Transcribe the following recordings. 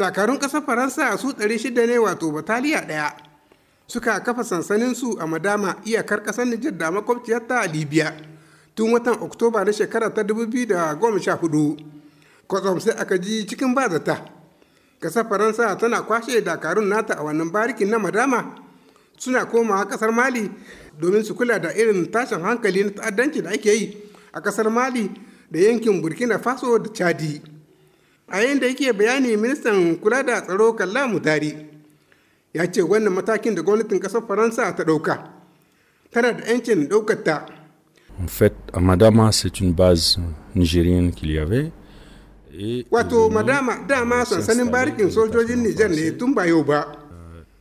takarun ƙasar faransa su 600 ne wato bataliya ɗaya suka kafa sansanin su a madama iyakar ƙasar nijar da makwabciyarta libya tun watan oktoba na shekara ta 2014 kwatsam sai aka ji cikin ba zata ƙasar faransa tana kwashe dakarun nata a wannan barikin na madama suna komawa ƙasar mali domin su kula da irin tashin hankali na ta'addanci da ake yi a ƙasar mali da yankin burkina faso da chadi a yayin da yake bayani ministan kula da tsaro kalla mutari ya ce wannan matakin da gwamnatin kasar faransa ta dauka tana da 'yancin daukar ta en fait madama c'est une base nigérienne qu'il y avait wato madama dama sansanin barikin sojojin nijar ne tun ba yau ba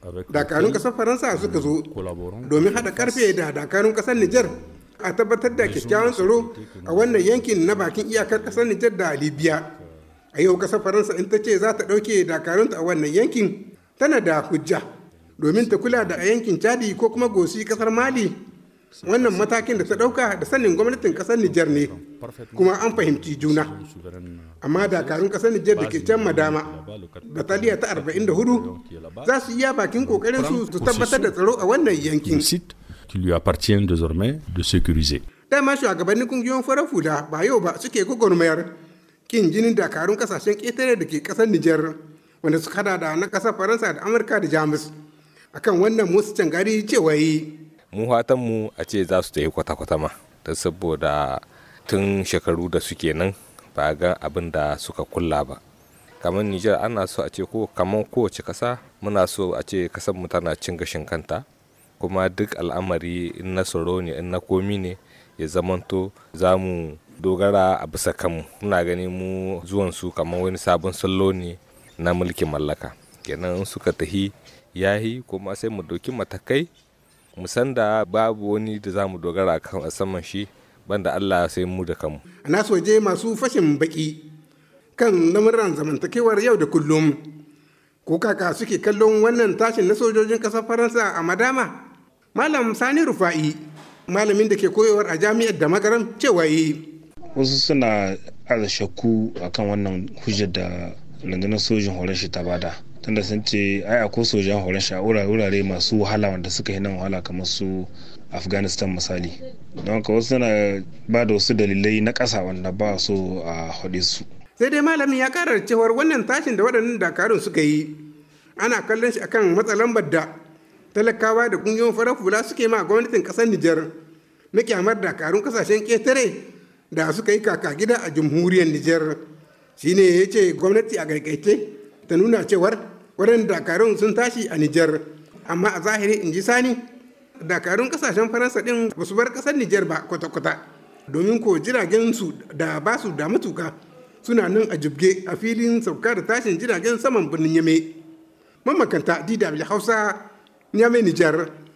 euh, dakarun kasar faransa suka zo domin hada karfe da dakarun kasar nijar a tabbatar da kyakkyawan tsaro a wannan yankin na bakin iyakar kasar nijar da libya a yau ƙasar faransa in ta ce za ta ɗauke dakarunta a wannan yankin tana da hujja domin ta kula da a yankin chadi ko kuma gosi kasar mali wannan matakin da ta ɗauka da sanin gwamnatin kasar nijar ne kuma an fahimci juna amma dakarun kasar nijar da ke can madama bataliya ta 44 za su iya bakin kokarin su tabbatar da tsaro a wannan yankin Dama shugabannin kungiyoyin farar ba yau ba suke gwagwarmayar kin jinin dakarun kasashen ƙetare da ke ƙasar Nijar wanda suka hada da na ƙasar Faransa da Amurka da Jamus. Akan wannan musu cangari cewa yi. Mu fatan mu a ce za su tafi kwata-kwata ma, don saboda tun shekaru da suke nan ba ga abin da suka kula ba. kamar Nijar ana so a ce ko kamar kowace ƙasa muna so a ce ƙasar mu tana cin gashin kanta kuma duk al'amari in na tsaro ne in na komi ne ya zamanto za mu dogara a bisa kanmu muna gani mu zuwan su kamar wani sabon sallo ne na mulkin mallaka kenan suka tahi yahi kuma sai mu ɗauki matakai mu san da babu wani da za mu dogara a kan saman shi banda Allah sai mu da kanmu. na soje masu fashin baki kan lamuran zamantakewar yau da kullum ko kaka suke kallon wannan tashin na sojojin ƙasar Faransa a Madama. Malam Sani Rufa'i malamin da ke koyewar a jami'ar da makaram cewa yi wasu suna aza shakku kan wannan hujjar da rundunar sojin horon shi ta bada tunda sun ce ai ko sojan horon shi a wurare masu wahala wanda suka yi nan wahala kamar su afghanistan misali don ka wasu suna ba da wasu dalilai na ƙasa wanda ba so a haɗe su sai dai malamin ya karar cewar wannan tashin da waɗannan dakarun suka yi ana kallon shi akan matsalan da talakawa da ƙungiyoyin farar suke ma gwamnatin ƙasar nijar na kyamar dakarun ƙasashen ƙetare da suka yi kaka gida a jamhuriyar Nijar shi ne ya ce gwamnati a gaikaice ta nuna cewar wurin dakarun sun tashi a Nijar amma a zahiri in ji sani dakarun kasashen faransa din ba su bar kasar Nijar ba kwata-kwata domin ko jiragen su da ba su da matuka suna nan a jibge a filin sauka da tashin jiragen saman birnin Yame mamakanta DW Hausa Yame Nijar